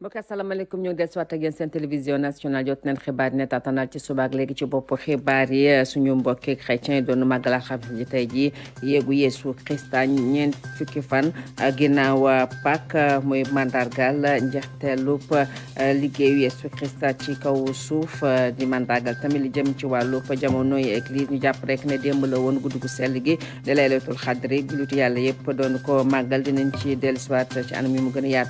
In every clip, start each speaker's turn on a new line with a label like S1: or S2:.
S1: mbokk asalaamaaleykum ñu ngi dellusiwaat ak yéen seen télévision nationale jot nañ xibaar ne taatanal ci subaak léegi ci bopp xibaar yi suñu mbokki chrétien yi doon màggal alxames ji tey ji yéegu yeesu Krista ñeent fukki fan ginnaaw Pâques muy mandargal njeexteelub liggéeyu yeesu Krista ci kaw suuf di mandargal tamit li jëm ci wàllub jamonoy église ñu jàpp rek ne démb la woon guddi gu sell gi di laylatul xadri jullit yàlla yëpp doon ko màggal dinañ ci dellusiwaat ci anam yi mu gën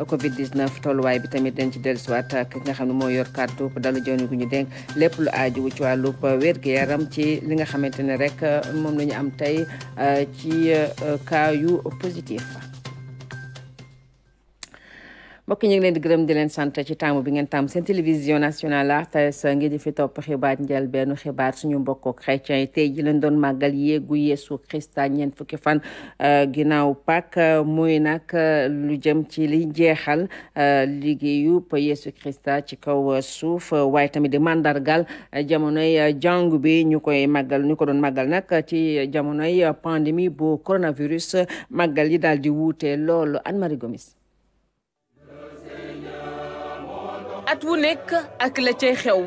S1: a covid foofu tolluwaay bi tamit dañ ci dellusiwaat ak nga xam ne moo yor kàddu dalu jooni gu ñu dénk lépp lu aaju wu ci wàllub wér gu yaram ci li nga xamante ne rek uh, moom la ñu am tey uh, ci cas uh, yu positif mbokk ñu ngi leen di gërëm di leen sant ci taamu bi ngeen taamu seen télévision nationale RTS ngi di fi topp xibaar njël benn xibaar suñu mbokk chrétien yi tey ji leen doon màggal yéegu yeesu Christa ñeen fukki fan euh, ginnaaw Pâques muy nag euh, lu jëm ci li jeexal euh, liggéeyu yeesu Christa ci kaw suuf waaye tamit di mandargal jamonoy jàngu bi ñu koy màggal ñu ko doon màggal nag ci jamonoy pandémie bu coronavirus màggal yi daal di wuute loolu Anne Marie
S2: at wu nekk ak la cay xew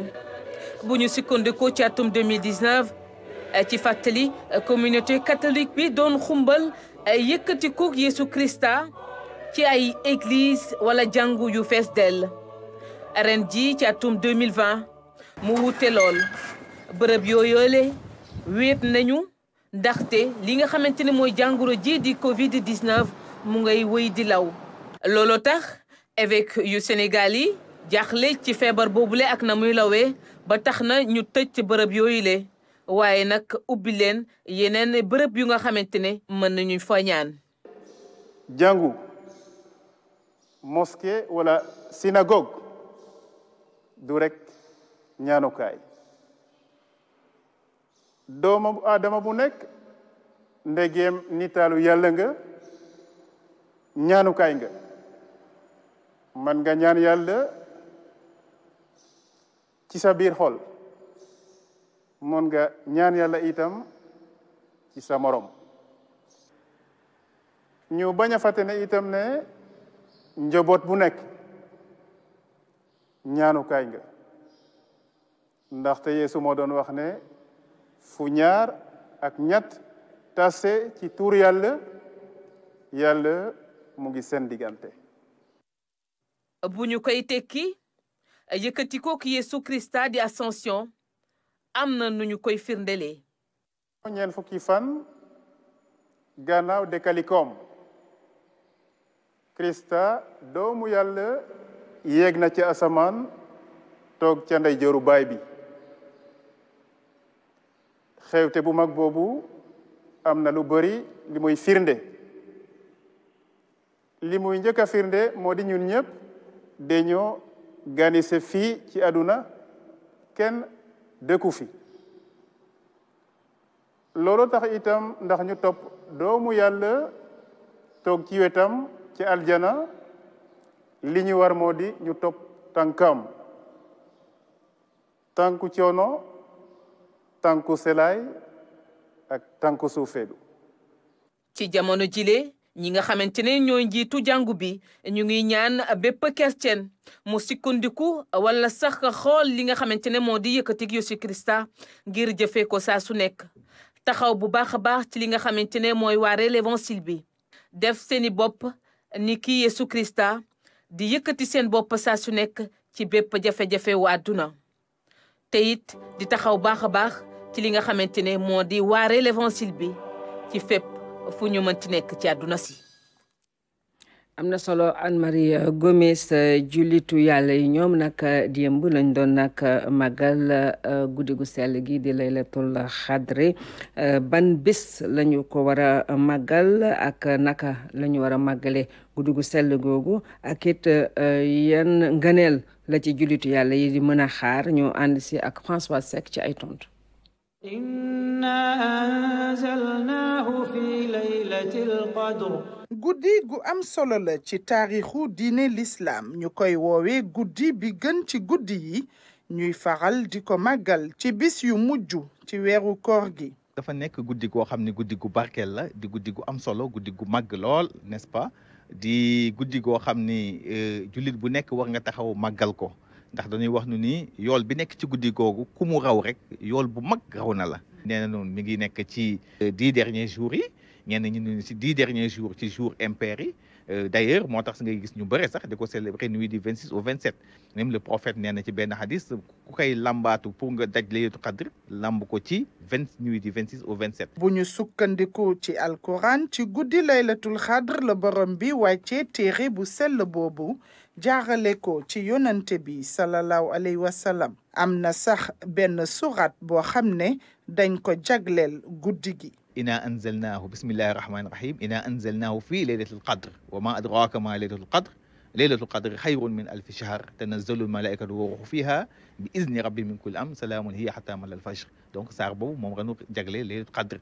S2: bu ñu sukkandikoo ci atum 2019 eh, ci fàttali eh, communauté catholique bi doon xumbal eh, yëkkatiku Yeesu Krista ci ay église wala jàngu yu fees dell ren ji ci atum 2020 mu wute lool bërëb yooyoole wéet nañu ndaxte li nga xamante ne mooy jàngoro ji di Covid mu ngay wëy di law looloo tax évêque yu Sénégal yi. jaaxle ci feebar boobu le ak na muy lawee ba tax na ñu tëj bërëb yooyu le waaye nag ubbi leen yeneen bërëb yu nga xamante ne mën nañu fa ñaan
S3: jàngu mosquée wala synagogue du rek ñaanukaay doomu aadama bu nekk ndegeem nitaalu yàlla nga ñaanukaay nga man nga ñaan yàlla ci sa biir xol mën nga ñaan yàlla itam ci sa morom ñu bañ a fàtte ne itam ne njaboot bu nekk ñaanukaay nga ndaxte yeesu moo doon wax ne fu ñaar ak ñett tase ci tuur yàlla yàlla mu ngi seen diggante bu koy tekki yëkkati kooku Yeesu
S2: Krista di ascension am na nu ñu koy firndelee. ñeent fukki fan
S3: gannaaw dékalikoom Krista doomu yàlla yéeg na ci asamaan toog ca ndeyjooru baay bi xewte bu mag boobu am na lu bari li muy firnde li muy njëkk a firnde moo di ñun ñëpp dañoo ganise fii ci àdduna kenn dëkku fi loolo tax itam ndax ñu topp doomu yàlla toog ci wetam ci aljana li ñu war moo di ñu topp tànkam tànku coono tànku selaay ak tànku suufeedu ci jamono jile
S2: ñi nga xamante ne ñoo njiitu jàngu bi ñu ngi ñaan bépp kercen mu sikkundiku wala sax xool li nga xamante ne moo di yëkkatik Yeesu Krista ngir jëfee ko saa su nekk taxaw bu baax a baax ci li nga xamante ne mooy waare l'évangile bi def seeni bopp ni ki Yeesu Krista di yëkkati seen bopp saa su nekk ci bépp jafe-jafe wu àdduna te it di taxaw baax a baax ci li nga xamante ne moo di waare l'évangile bi ci fépp fu ñu mënti nekk ci àdduna si.
S1: am na solo Anne-Marie euh, Gomes euh, jullitu yàlla yi ñoom nag euh, démb lañ doon nag màggal guddi gu sell gii di laylatul xadri ban bés lañu ko war a màggal ak naka lañu ñu war a màggale guddi gu sell googu ak it yan ngëneel la ci jullitu yàlla yi di mën a xaar ñu ànd si ak François Seck ci ay tontu.
S4: inna anzalnaahu fi laylatil qadr guddi gu am solo la ci taarixu diine lislaam ñu koy woowe guddi bi gën ci guddi yi ñuy faral di ko màggal ci bis yu mujj ci weeru koor gi
S5: dafa nekk guddi goo xam ne guddi gu barkeel la di guddi gu am solo guddi gu màgg lool n'est-ce di guddi goo xam ni euh, jullit bu nekk war nga taxaw màggal ko ndax dañuy wax nu ni yool bi nekk ci guddi googu ku mu raw rek yool bu mag raw na la nee na noonu mi ngi nekk ci euh, dix derniers jours yi ñenn ñu ne ci dix derniers jours ci jour impair yi Euh, d' ailleurs moo tax ngay gis ñu bëre sax di ko célébrer nuit du 26 au 27 même le prophète nee na ci benn hadis ku koy lambaatu pour nga daj laylatul qadr lamb ko ci vingt nuit vingt 26 au 27.
S4: bu ñu sukkandiku ci alquran ci guddi laylatul qadr la borom bi wàccee téere bu sell boobu jaarale ko ci yonante bi sallallahu alayhi wa sallam am na sax benn surat boo xam ne dañ ko jagleel guddi gi.
S5: إنا أنزلناه بسم الله الرحمن الرحيم إنا أنزلناه في ليلة القدر وما أدراك ما ليلة القدر ليلة القدر خير من ألف شهر تنزل الملائكة والروح فيها بإذن ربي من كل أمر سلام هي حتى مل الفجر دونك saar boobu moom renu jagle leylatul qadr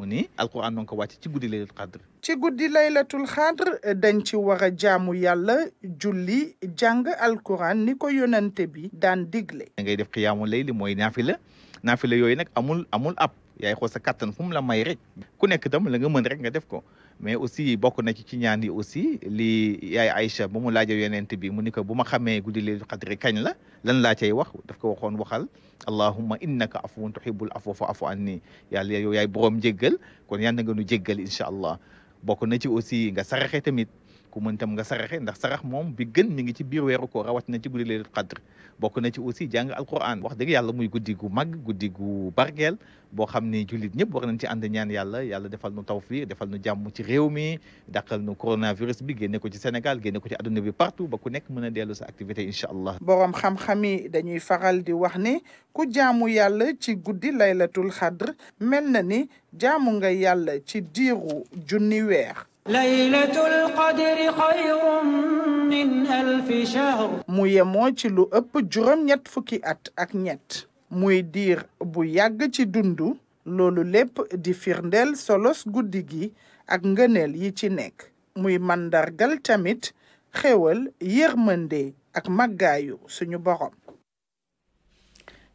S5: mu ni alquran donc wàcc ci guddi leylatul qadr
S4: ci guddi laylatul xadr dañ ci war a jaamu yàlla julli jàng alquran ni ko yonante bi daan digle
S5: da ngay def xiyaamu layli mooy naafila naafila yooyu nag amul amul ab yaay xool sa kattan fu mu la may rek ku nekk itam la nga mën rek nga def ko mais aussi bokk na ci ci ñaan yi aussi li yaay Aïcha ba mu laajee yonent bi mu ni ko bu ma xamee guddi Laylatul Qadri kañ la lan laa cay wax daf ko waxoon waxal allahumma innaka afuwun tuhibbul afwa fa'fu anni yàlla yow yaay boroom jéggal kon yàlla nga nu jéggal incha allah bokk na ci aussi nga saraxe tamit ku mën tam nga saraxe ndax sarax moom bi gën mi ngi ci biir weeru koor rawat na ci guddi leelu xadr bokk na ci aussi jàng alquran wax dëgg yàlla muy guddi gu mag guddi gu barkeel boo xam ni jullit ñëpp war nañ ci ànd ñaan yàlla yàlla defal nu tawfiq defal nu jàmm ci réew mi dàqal nu coronavirus bi génne ko ci Sénégal génne ko ci àdduna bi partout ba ku nekk mën a dellu sa activité incha allah
S4: boroom xam-xam yi dañuy faral di wax ni ku jaamu yàlla ci guddi laylatul xadr mel na ni jaamu nga yàlla ci diiru junni weer laylatul qadri xayrun min alfi shahr mu yemoo ci lu ëpp juróom fukki at ak ñett muy diir bu yàgg ci dundu loolu lépp di firndeel solos guddi gi ak ngëneel yi ci nekk muy màndargal tamit xéwal yërmande ak màggaayu suñu borom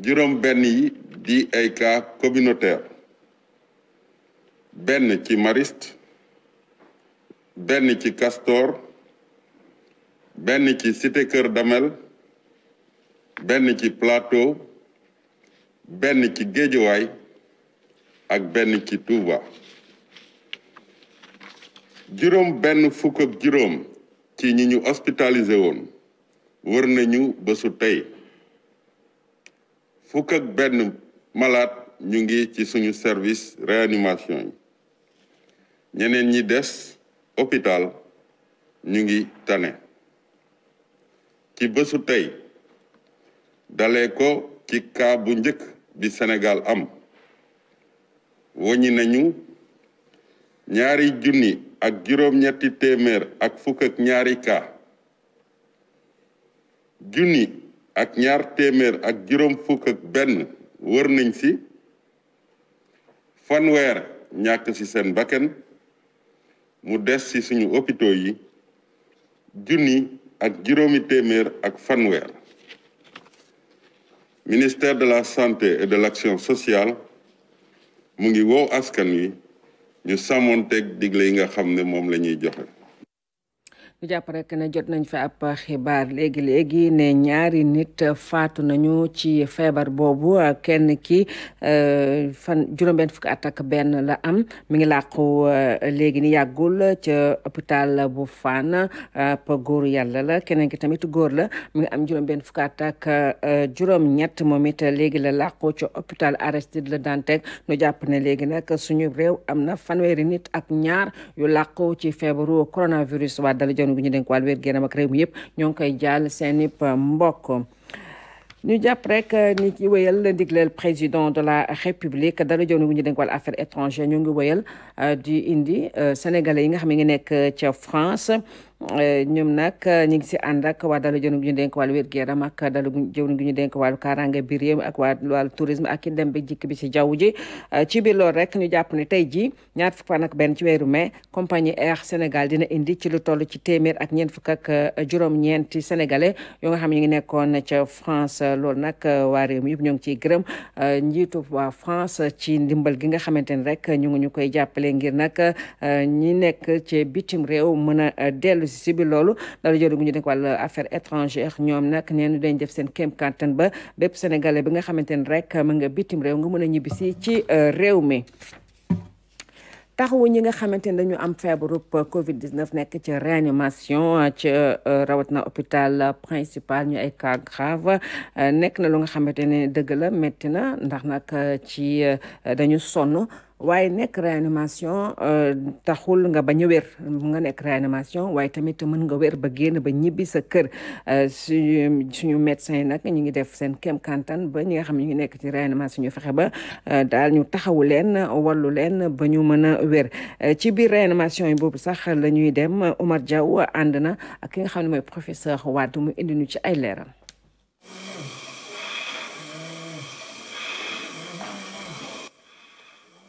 S6: juróom benn yi di ay cas communautaire benn ci Mariste benn ci Castor benn ci Cité Keur Damel benn ci Plateau benn ci Guédiawaye ak benn ci tuuba juróom benn fukk ak juróom ci ñi ñu hospitalisé woon wër nañu bésu tey Fukak ak malat nyunggi ñu ngi ci suñu service réanimation yi ñeneen ñi des hôpital ñu ngi tane ci bésu tey dalee ko ci cas bu njëkk bi Sénégal am woñi nañu ñaari junni ak juróom-ñetti téeméer ak fukk ak ñaari junni ak ñaar téeméer ak juróom fukk ak benn wër nañ si fanweer ñàkk si seen bakken mu des si suñu hôpitaux yi junni ak juróomi téeméer ak fanweer ministère de la santé et de l'action sociale mu ngi woo askan wi ñu sàmmoonteeg digle yi nga xam ne moom la
S1: ñu jàpp rek ne jot nañ fe ab xibaar léegi léegi ne ñaari nit faatu nañu ci feebar boobu kenn ki euh, fan juróom-benn fukki at ak benn la am mi ngi làqu euh, léegi ni yàggul ca hôpital bu Fann ab góoru yàlla la keneen ki tamit góor la mi am juróom-benn fukki at ak euh, juróom-ñett moom it léegi la làqu ci hôpital Aristide la Dantec ñu jàpp ne léegi nag suñu réew am na fanweeri nit ak ñaar yu làqu ci feebaru coronavirus waa dala yoon bu ñu dénk wàllu wér gu yaram ak réew mi yëpp ñoo ngi koy jàll seen i mbokk ñu jàpp rek ni ci wéyal ndigleel président de la république dara jow bu ñu dénk wàll affaires étrangères ñoo ngi wéyal di indi euh, sénégalais yi nga xam ne ngi nekk ca France Eh, ñoom nag eh, ñu ngi si ànd ak waa dalu jëwriñ gi ñu dénk wàllu wér gu yaram ak dalu jëwriñ gi ñu dénk wàllu kaaraange biir réew ak waa wàllu tourisme ak i dem bi jikk bi ci jaww ji eh, ci biir loolu rek ñu jàpp ni tey jii ñaar fukk fa ak benn ci weeru mai compagnie Air Sénégal dina indi ci lu toll ci téeméer ak ñeent fukk ak juróom-ñeenti sénégalais yoo nga xam ñu ngi nekkoon ca France loolu nag waa réew mi yëpp ñoo ngi ciy gërëm njiitu waa France ci ndimbal gi nga xamante ni rek ñu ngi ñu koy jàppale ngir nag ñi nekk ci bitim réew mën a dellu dellu si si loolu dara jëriñu ñu nekk wàllu affaire étrangère ñoom nag nee dañ def seen kéem kàttan ba bépp sénégalais bi nga xamante ni rek mu nga bitim réew nga mën a ñibbisi ci euh, réew mi. taxawu ñi nga xamante ni dañu am feebaru Covid 19 nekk ci réanimation ci euh, euh, rawatina hôpital principal ñu ay cas nekk na lu nga xamante ne dëgg la métti na ndax nag ci dañu sonn. waaye nekk réanimation euh, taxul nga bañ a wér nga nekk réanimation waaye tamit mën nga wér ba génn ba ñibbi sa kër euh, suñu suñu médecin nag ñu ngi def seen kem kantan ba ñi nga xam ñu ngi nekk ci réanimation ñu fexe ba euh, daal ñu taxawu leen wallu leen ba ñu mën a wér ci biir réanimation yi boobu sax la ñuy dem Omar Diaw ànd na ak ki nga xam ne mooy professeur Wade mu indi ñu ci ay leeral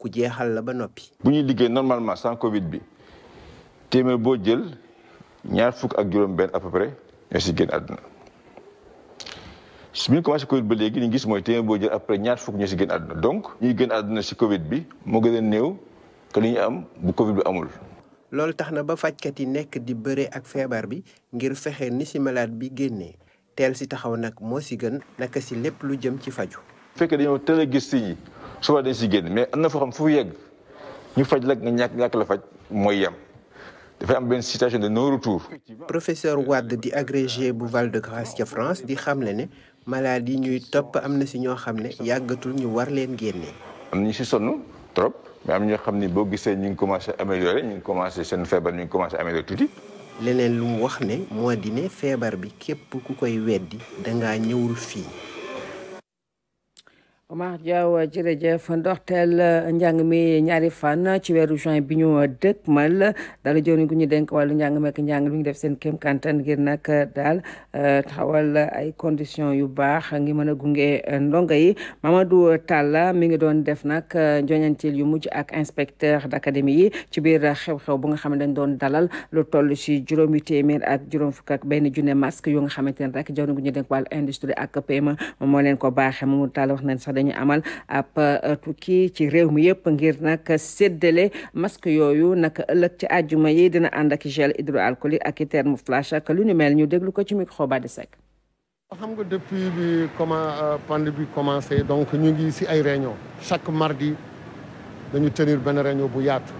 S7: ku jeexal la ba noppi.
S8: bu ñuy liggéey normalement sans Covid bi téeméer boo jël ñaar fukk ak juróom-benn à peu près ñoo si génn àdduna su ñu ba léegi ñu gis mooy téeméer boo jël après ñaar fukk ñoo si génn àdduna donc ñuy gën àdduna si Covid bi moo gën a néew que li ñu am bu Covid bi amul.
S7: loolu tax na ba fajkat yi nekk di bëre ak feebar bi ngir fexe ni si malade bi génnee teel si taxaw nag moo si gën naka si lépp lu jëm ci faju
S8: bu dañoo teel a gis si ñi suba dañ si génn mais am na foo xam fu yegg ñu faj la nga ñàkk ñàkk la faj mooy yem dafay am benn situation de non retour.
S7: professeur Wade di agrégé bu Val de Grâce ca France di xamle ne yi ñuy topp am na si ñoo xam ne yàggatul ñu war leen génne.
S8: am na ñu si sonn trop mais am ñoo xam ni boo gisee ñu ngi commencé améliorer ñu ngi commencé seen feebar ñu ngi commencé améliorer
S7: tuuti. leneen lu mu wax ne moo di ne feebar bi képp ku koy weddi dangaa ñëwul fii.
S1: Omar Diaw ya, jërëjëf ndorteel njàng mi ñaari fan ci weeru juin bi ñu dëkkmal dal jëwriñ gu ñu dénk wàllu njàng meek njàng mi ngi def seen kéem kantan ngir nag daal taxawal ay condition yu baax ngi mën a gunge ndongo yi Mamadou Talla mi ngi doon def nag joñantil yu mujj ak inspecteur d'académie yi ci biir xew-xew bu nga xam ne dañ doon dalal lu toll ci juróomi téeméer ak juróom fukk ak benn junne masque yu nga xamante ne rek jëwriñ gu ñu dénk wàllu industrie ak PME moo leen ko baaxee Mamadou Talla wax nañ sax dañu amal ab euh, tukki ci réew mi yëpp ngir nag séddale masque yooyu nag ëllëg ci àjjuma yi dina ànd ak gel hydroalcoolique ak i thermoflash ak lu ni mel ñu déglu ko ci micro Badi Seck
S9: xam nga depuis bi comment euh, pandémie bi commencé donc ñu ngi si ay réunion chaque mardi dañu tenir benn réunion bu yaatu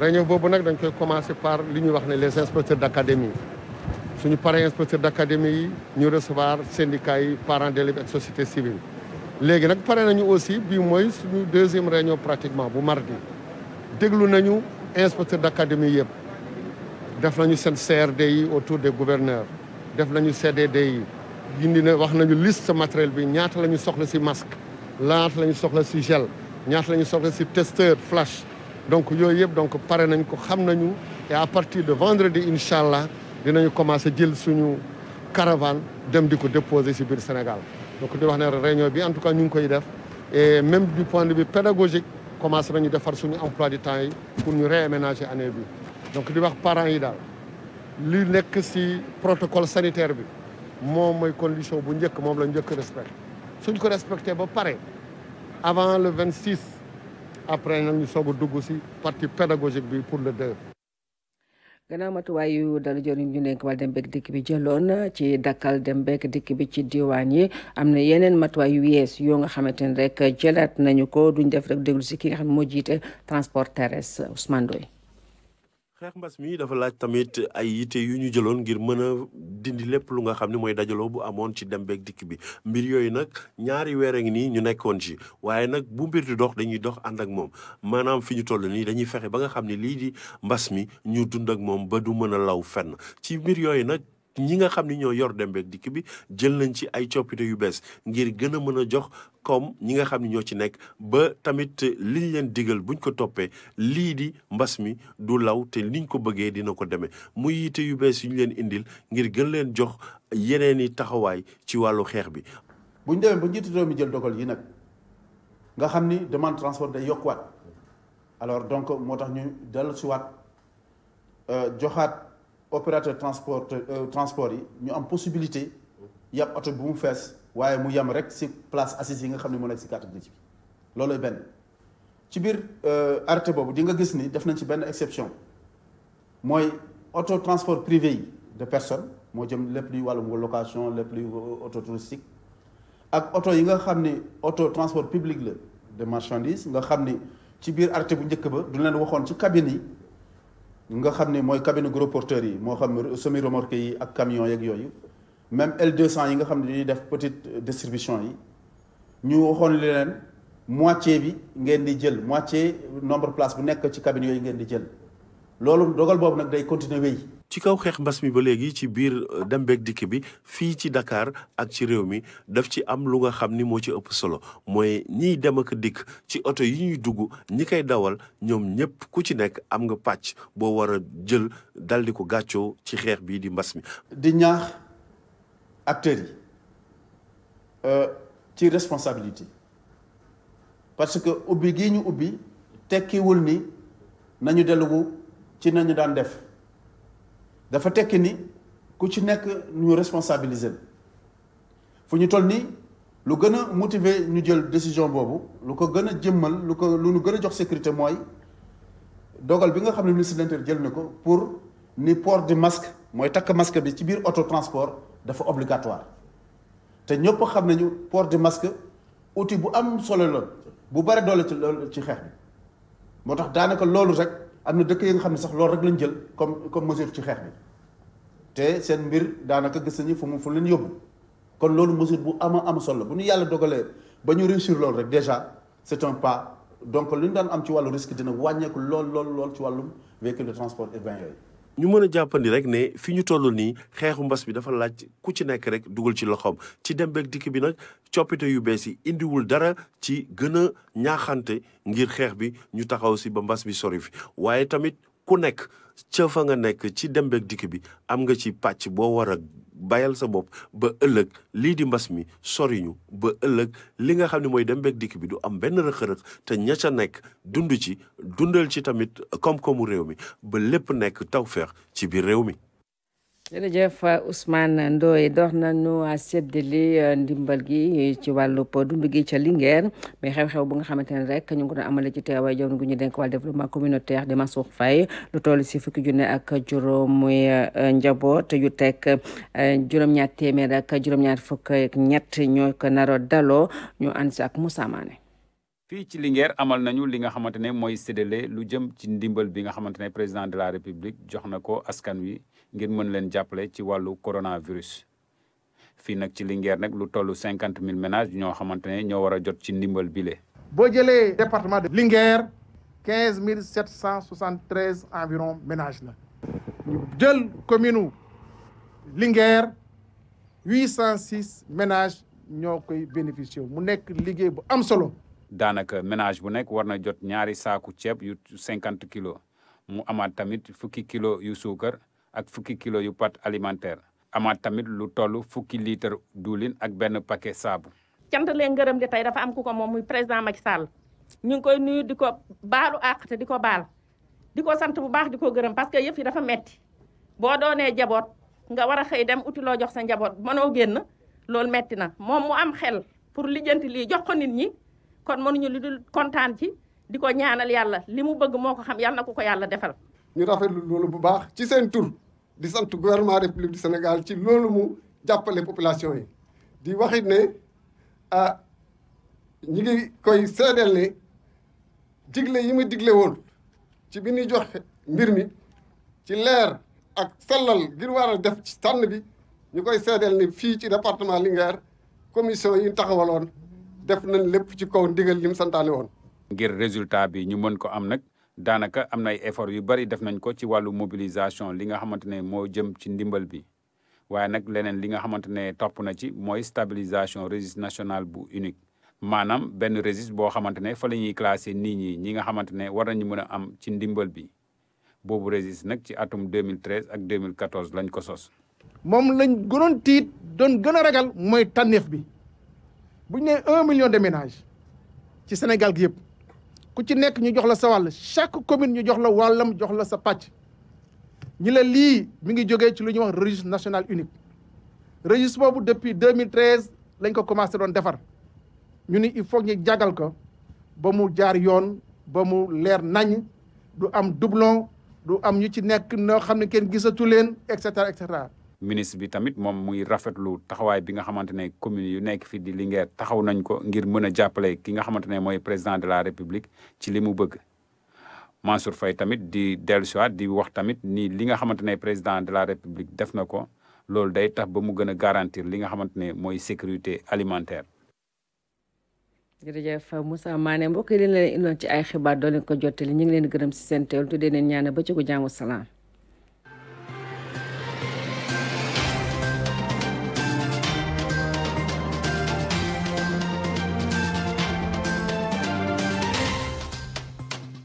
S9: réunion boobu nag dañ koy commencé par li ñuy wax ne les inspecteurs d'académie suñu paree inspecteur d'académie yi ñu recevoir syndicats yi parents d'élèves ak société civile léegi nak paré nañu aussi bi moy suñu deuxième réunion pratiquement bu mardi déglu nañu inspecteur d'académie yépp. def nañu seen CRD yi autour des gouverneurs def nañu CDD yi indi na wax nañu liste matériel bi ñaata lañu soxla ci masque laata lañu soxla ci gel ñaata lañu soxla ci testeur flash donc yoy yépp donc paré nañ ko xam nañu et à partir de vendredi incha allah dinañu commencer jël suñu caravane dem diko déposer ci bir Sénégal donc nous wax une réunion en tout cas nous koy et même du point de vue pédagogique commencé nañu faire un emploi du temps pour nous réaménager année bi donc nous wax parents yi daal li que ci protocole sanitaire bi moom suis condition bu njëkk moom la njëkk respect suñ ko c'est ba pareil. avant le 26 après nous sommes soog dugg partie pédagogique pour le 2.
S1: gannaaw matuwaay yu dal jëriñ ñu nekk wàll dem beeg dikk bi jëloon ci dakkal dem beeg dikk bi ci diwaan yi am na yeneen matuwaay yu yees yoo nga xamante ni rek jëlaat nañu ko duñ def rek déglu si ki nga xam moo jiite transport terrestre Ousmane Doye
S10: xeex mbas mi dafa laaj tamit ay yite yu ñu jëloon ngir mën a dindi lépp lu nga xam ne mooy dajaloo bu amoon ci dem beeg dikk bi mbir yooyu nag ñaari weer a ngi nii ñu nekkoon ci waaye nag bu mbir di dox dañuy dox ànd ak moom maanaam fi ñu toll nii dañuy fexe ba nga xam ne lii di mbas mi ñu dund ak moom ba du mën a law fenn ci mbir yooyu nag ñi nga xam ni ñoo yor dem beeg dikk bi jël nañ ci ay coppite yu bees ngir gën a mën a jox comme ñi nga xam ni ñoo ci nekk ba tamit liñ leen diggal buñ ko toppee lii di mbas mi du law te niñ ko bëggee dina ko demee mu yitte yu bees yu ñu leen indil ngir gën leen jox yeneen i taxawaay ci wàllu xeex bi.
S11: buñ demee ba njiitu réew mi dogal yi nag nga xam ni demande transport day waat alors donc moo tax ñu dellusiwaat euh, joxaat. opérateur transport euh, transport yi ñu am possibilité yàpp auto bu mu fess waye mu yam rek ci place assise yi nga xamni mo moo ci carte grise bi loolooy benn ci biir euh, arrêté bobu di nga gis ni def nañ ci ben exception moy auto transport privé yi de personnes mo jëm lepp li walum location lepp li euh, auto touristique ak auto yi nga xamni ni auto transport public le de marchandises nga xamni ci bir arrêté bu njëkk ba du leen waxoon ci cabine yi nga xamné moy cabine gros porteur yi mo xam semi remorque yi ak camions yeeg yoyu même L200 yi nga xam ne dañuy def petite distribution yi ñu waxon li leen moitié bi ngeen di jël moitié nombre place bu nek ci cabine yoyu ngeen di jël loolu dogal boobu nak day continuer
S10: wéy ci kaw xeex mbas mi ba léegi ci biir euh, dem dikk bi fii ci Dakar ak ci réew mi daf ci am lu nga xam ni moo ci ëpp solo mooy ñiy dem ak dikk ci oto yi ñuy dugg ñi koy dawal ñoom ñëpp ku ci nekk am nga pàcc boo war a jël dal di ko gàccoo ci xeex bii di mbas mi.
S11: di ñaax acteurs yi euh, ci responsabilité parce que ubbi gii ñu ubbi tekkiwul ni nañu dellu ci nañu daan def. dafa tekki ni ku ci nekk ñu responsabiliser fu ñu toll ni lu gën a motiver ñu jël décision boobu lu ko gën a jëmmal lu ko lu ñu gën a jox sécurité mooy dogal bi nga xam ne ministre de l'Intérieur jël na ko pour ni port du masque mooy takk masque bi ci biir autotransport transport dafa obligatoire te ñëpp xam nañu port du masque outil bu am solo la bu bare doole ci ci xeex bi moo tax daanaka loolu rek am na dëkk yi nga xam ne sax loolu rek lañ jël comme comme mesure ci xeex bi te seen mbir daanaka gis nañu fu mu fu leen yóbbu kon loolu mesure bu ama am solo bu ñu yàlla dogalee ba ñu réussir loolu rek déjà c'est un pas donc li ñu daan am ci wàllu risque dina wàññeeku lool lool lool ci wàllum véhicule de transport urbain yooyu ñu
S10: mën a jàppandi rek ne fi ñu toll nii xeexu mbas bi dafa laaj ku ci nekk rek dugal ci loxoom ci dem beeg dikk bi nag coppite yu bees yi indiwul dara ci gën a ñaaxante ngir xeex bi ñu taxaw si ba mbas bi sori fi waaye tamit ku nekk ca fa nga nekk ci dem beeg dikk bi am nga ci pàcc boo war a bayal sa bopp ba ëllëg lii di mbas mi soriñu ba ëllëg li nga xam ne mooy dem beeg dikk bi du am benn rëq-rëq te ña ca nekk dund ci dundal ci tamit koom-koomu réew mi ba lépp nekk tawfeex ci biir réew mi.
S1: jërëjëf na Ndoye dox nañu séddali euh, ndimbal gi ci wàllub dund gi ci Linguère mais xew-xew bu nga xamante ne rek ñu ngi ko doon ci teewaay jawriñ gu ñu dénk wàllu développement communautaire di Mansour Faye lu toll si fukki junne ak juróom muy euh, njaboot yu teg euh, juróom-ñaar téeméer ak juróom ñoo ko naroo daloo ak Moussa Mané
S12: fii ci Linguère amal nañu li nga xamante ne mooy séddale lu jëm ci ndimbal bi nga xamante ne président de la république jox na ko askan wi ngir mën leen jàppale ci wàllu coronavirus. fii nag ci Linguère nag lu toll cinquante mille ménages ñoo xamante ne ñoo war a jot ci ndimbal bile.
S11: boo jëlee département de Linguère quinze mille sept cent soixante treize environ ménage la. jël commune u Linguère huit cent six ménage ñoo koy bénéficier mu nekk liggéey bu am solo.
S12: daanaka ménage bu nekk war na jot ñaari saaku ceeb yu cinquante kilos mu amaat tamit fukki kilos yu suukar. ak fukki kilo yu pat alimentaire amaat tamit lu tollu fukki litre diwlin ak benn paquet saabu.
S1: cant le ngeureum li tay dafa am kuko mom muy president Macky Sall ñu koy nuyu di ko ak te di ko diko di sant bu baax di ko parce que yef yi dafa metti boo ne jabot nga wara xey dem uti lo jox sa jabot mënoo genn lol metti na mom mu am xel pour lijjanti li jox ko nit ñi kon mënuñu lu dul contane ci di ko ñaanal yalla limu bëgg moko xam yalla ko ko defal.
S9: ñu rafet loolu bu baax ci sen tour di sant gouvernement république du Sénégal ci loolu mu jàppale population yi di waxit ne ah ñi ngi koy seedeel ne digle yi mu digle woon ci bi ñuy joxe mbir mi ci leer ak sellal ngir waral a def ci tànn bi ñu koy seedeel ne fii ci département Linguère commission yi taxawaloon def nañ lépp ci kaw ndigal li mu santaane woon
S12: ngir résultat bi ñu mën ko am nag daanaka am na ay effort yu bari def nañ ko ci wàllu mobilisation li nga xamante ne moo jëm ci ndimbal bi waaye nag leneen li nga xamante ne topp na ci mooy stabilisation registre national bu unique maanaam benn registre boo xamante ne fa la ñuy classé nit ñi ñi nga xamante ne war nañu mën a am ci ndimbal bi boobu registre nag ci atum 2013 ak 2014 lañ ko sos. moom lañ gënoon tiit doon gën a ragal mooy tànneef
S11: bi buñ ne nee un million de ménages ci Sénégal gi yëpp. ku ci nekk ñu jox la sa wàll chaque commune ñu jox la wàllam jox la sa pàcc ñi la lii mu ngi jógee ci lu ñu wax registre national unique registre boobu depuis 2013 lañ ko commencé doon defar ñu ni il faut ñu jagal ko ba mu jaar yoon ba mu leer nañ du am dublon du am ñu ci nekk noo xam ne kenn
S4: gisatu leen et cetera et cetera
S12: ministre bi tamit moom muy rafetlu taxawaay bi nga xamante ne commune yu nekk fii di Linguère taxaw nañ ko ngir mën a jàppale ki nga xamante ne mooy président de la république ci li mu bëgg Mansour Faye tamit di dellusiwaat di wax tamit ni li nga xamante ne président de la république def na ko loolu day tax ba mu gën a garantir li nga xamante ne mooy sécurité alimentaire.
S1: jërëjëf Moussa Mané mbokk yi leen leen indoon ci ay xibaar doo ko jottali ñu ngi leen gërëm si seen teewlu tuddee leen ñaane ba ci ko jaamu salaam.